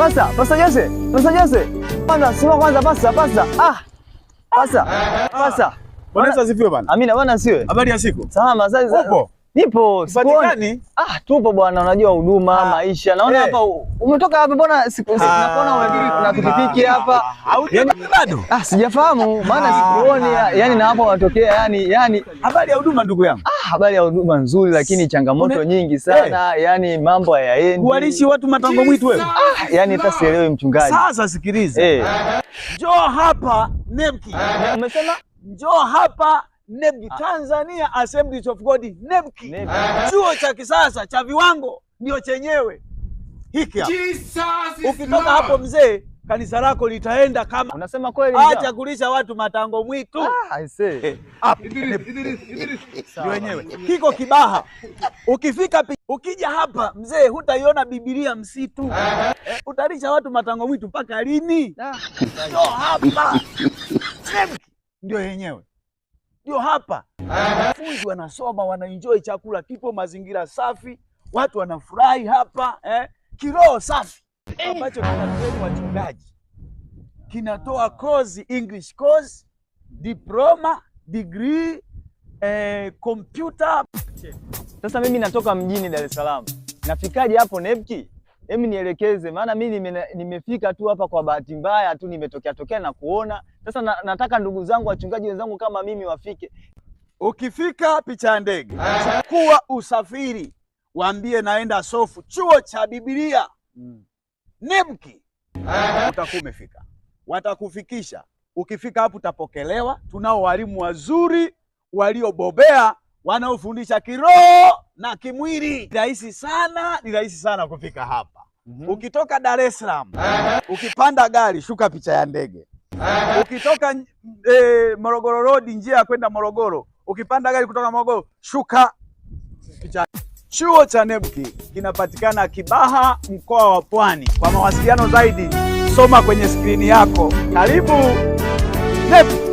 Pasa, passa Jose. Pasa Jose. Bwana, sema kwanza passa, passa. Ah. Pasa. Pasa. Bwana asifiwe bwana. Amina, bwana asiwe. Habari ya siku? Salama, sasa. Upo? Nipo sipatikani. Ah, tupo bwana, unajua huduma ah. maisha. Naona eh. hapa umetoka wapi bwana? Sikuona ah. unabiri kuna pikipiki hapa. Yaani, bado? Ah, sijafahamu maana ah. sikuoni. Yani na hapa unatokea yani yani habari ya huduma ndugu yangu. Ah, habari ya huduma nzuri lakini changamoto eh. nyingi sana. Yani mambo hayaendi. Kuwalishi watu matango mwitu wewe. Ah, yani hata sielewi mchungaji. Sasa sikiliza. Eh. Njoo hapa Nemki. Umesema njoo hapa NEB, ah. Tanzania Assemblies of God NEBKI, chuo cha kisasa cha viwango ndio chenyewe hiki. Ukitoka hapo mzee, kanisa lako litaenda kama unasema kweli, acha kulisha watu matango mwitu. Ah, I eh, ah, say. wenyewe kiko Kibaha. Ukifika ukija hapa mzee, hutaiona Biblia msitu. Eh. Eh, Utalisha watu matango mwitu mpaka lini? Ah. Ndio hapa ndio yenyewe ndio hapa wanafunzi wanasoma, wanaenjoy, chakula kipo, mazingira safi, watu wanafurahi hapa eh, kiroho safi ambacho kinatoa wachungaji, kinatoa course, English course, diploma, degree, eh, computer. Sasa mimi natoka mjini Dar es Salaam, nafikaje hapo Nepki? hebu nielekeze, maana mimi nime, nimefika tu hapa kwa bahati mbaya tu, nimetokea tokea na kuona. Sasa na, nataka ndugu zangu wachungaji wenzangu kama mimi wafike. Ukifika picha ya ndege kuwa usafiri, waambie naenda Sofu, chuo cha Biblia mm. Nemki utakuwa umefika, watakufikisha. Ukifika hapo utapokelewa. Tunao walimu wazuri waliobobea wanaofundisha kiroho na kimwili rahisi sana, ni rahisi sana kufika hapa. Mm -hmm. Ukitoka Dar es Salaam ukipanda gari, shuka picha ya ndege. Ukitoka e, Morogoro Road, njia ya kwenda Morogoro, ukipanda gari kutoka Morogoro, shuka picha. Chuo cha NEBUKI kinapatikana Kibaha, mkoa wa Pwani. Kwa mawasiliano zaidi, soma kwenye skrini yako. Karibu NEBUKI.